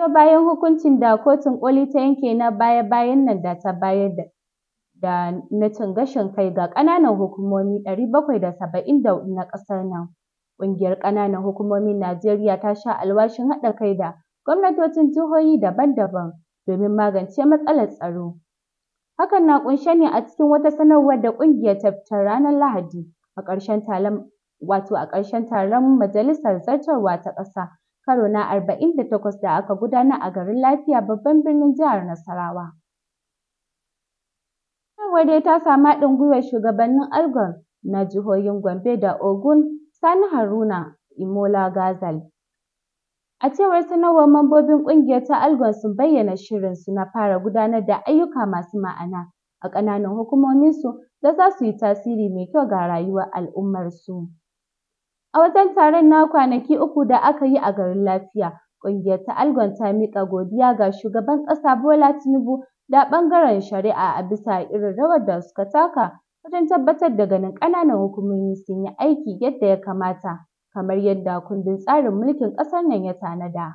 biyo bayan hukuncin da Kotun Koli ta yanke na baya-bayan nan da ta bayar da na cin gashin kai ga ƙananan hukumomi ɗari da huɗu na ƙasar nan. Ƙungiyar ƙananan hukumomin Najeriya ta sha alwashin haɗa kai da gwamnatocin jihohi daban-daban domin magance matsalar tsaro. Hakan na ƙunshe ne a cikin wata sanarwar da ƙungiyar ta fitar ranar Lahadi a ƙarshen taron wato a ƙarshen taron Majalisar Zartarwa ta ƙasa karo na 48 da aka gudanar a garin Lafiya babban birnin jihar Nasarawa. Sanarwar dai ta samu haɗin gwiwar shugabannin Algon na jihohin Gombe da Ogun Sani Haruna Imola Gazal. A cewar sanarwar mambobin ƙungiyar ta Algon sun bayyana shirin su na fara gudanar da ayyuka masu ma'ana a ƙananan hukumominsu da za su yi tasiri mai kyau ga rayuwar al'ummarsu. A wajen taron na kwanaki uku da aka yi a garin Lafiya, ƙungiyar ta Algon ta miƙa godiya ga Shugaban ƙasa Bola Tinubu da ɓangaren shari'a a bisa irin rawar da suka taka wajen tabbatar da ganin ƙananan hukumomi sun yi aiki yadda ya kamata kamar yadda kundin tsarin mulkin ƙasar nan ya tanada.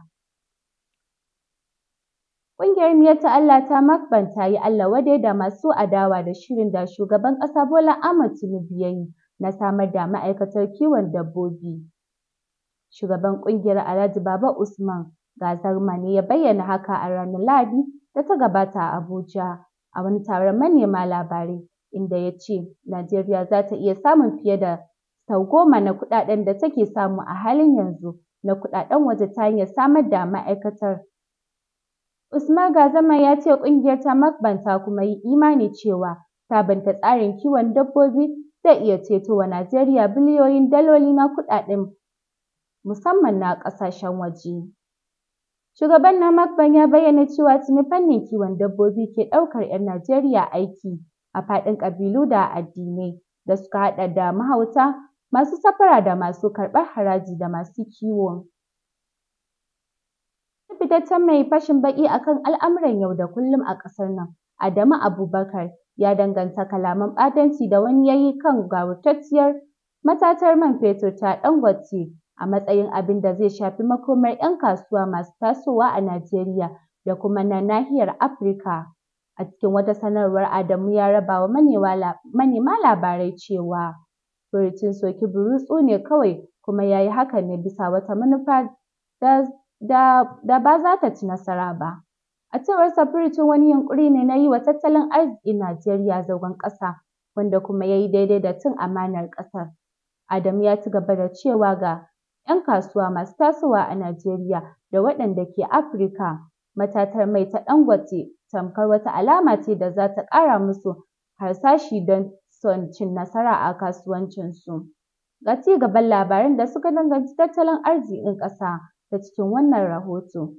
Ƙungiyar Miyar ta Allah ta Makban ta yi wadai da masu adawa da shirin da Shugaban ƙasa Bola Ahmed Tinubu ya yi na samar da ma'aikatar kiwon dabbobi. Shugaban ƙungiyar Alhaji Baba Usman Gadarma ne ya bayyana haka a ranar Lahadi da ta gabata a Abuja a wani taron manema labarai inda ya ce Najeriya za ta iya samun fiye da sau goma na kuɗaɗen da take samu a halin yanzu na kuɗaɗen waje ta hanyar samar da ma'aikatar. Usman gazama ya ce ƙungiyar ta makbanta kuma yi imani cewa sabunta tsarin kiwon dabbobi zai iya ceto wa Najeriya biliyoyin daloli na kuɗaɗen musamman na ƙasashen waje. Shugaban Namak Markban ya bayyana cewa tuni fannin kiwon dabbobi ke ɗaukar 'yan Najeriya aiki a faɗin ƙabilu da addinai da suka haɗa da mahauta, masu safara da masu karɓar haraji da masu kiwo. fitaccen mai fashin baƙi akan al'amuran yau da kullum a ƙasar nan, Adamu Abubakar ya danganta kalaman ɓatanci da wani ya yi kan gawurtacciyar matatar man fetur ta Dangote a matsayin abin da zai shafi makomar 'yan kasuwa masu tasowa a Najeriya da kuma na nahiyar Afirka. A cikin wata sanarwar Adamu ya raba wa manema labarai cewa furucin soki burutsu ne kawai kuma ya yi hakan ne bisa wata manufa da ba za ta ci nasara ba. A cewar furucin wani yunƙuri ne na yi wa tattalin arzikin Najeriya zagon ƙasa wanda kuma ya yi daidai da cin amanar ƙasar, Adamu ya ci gaba da cewa ga ‘yan kasuwa masu tasowa a Najeriya da waɗanda ke Afirka, matatar mai ta Dangote tamkar wata alama ce da za ta ƙara musu harsashi don son cin nasara a kasuwancinsu. Ga ci gaban labaran da suka danganci tattalin arzikin ƙasa ta cikin wannan rahoto.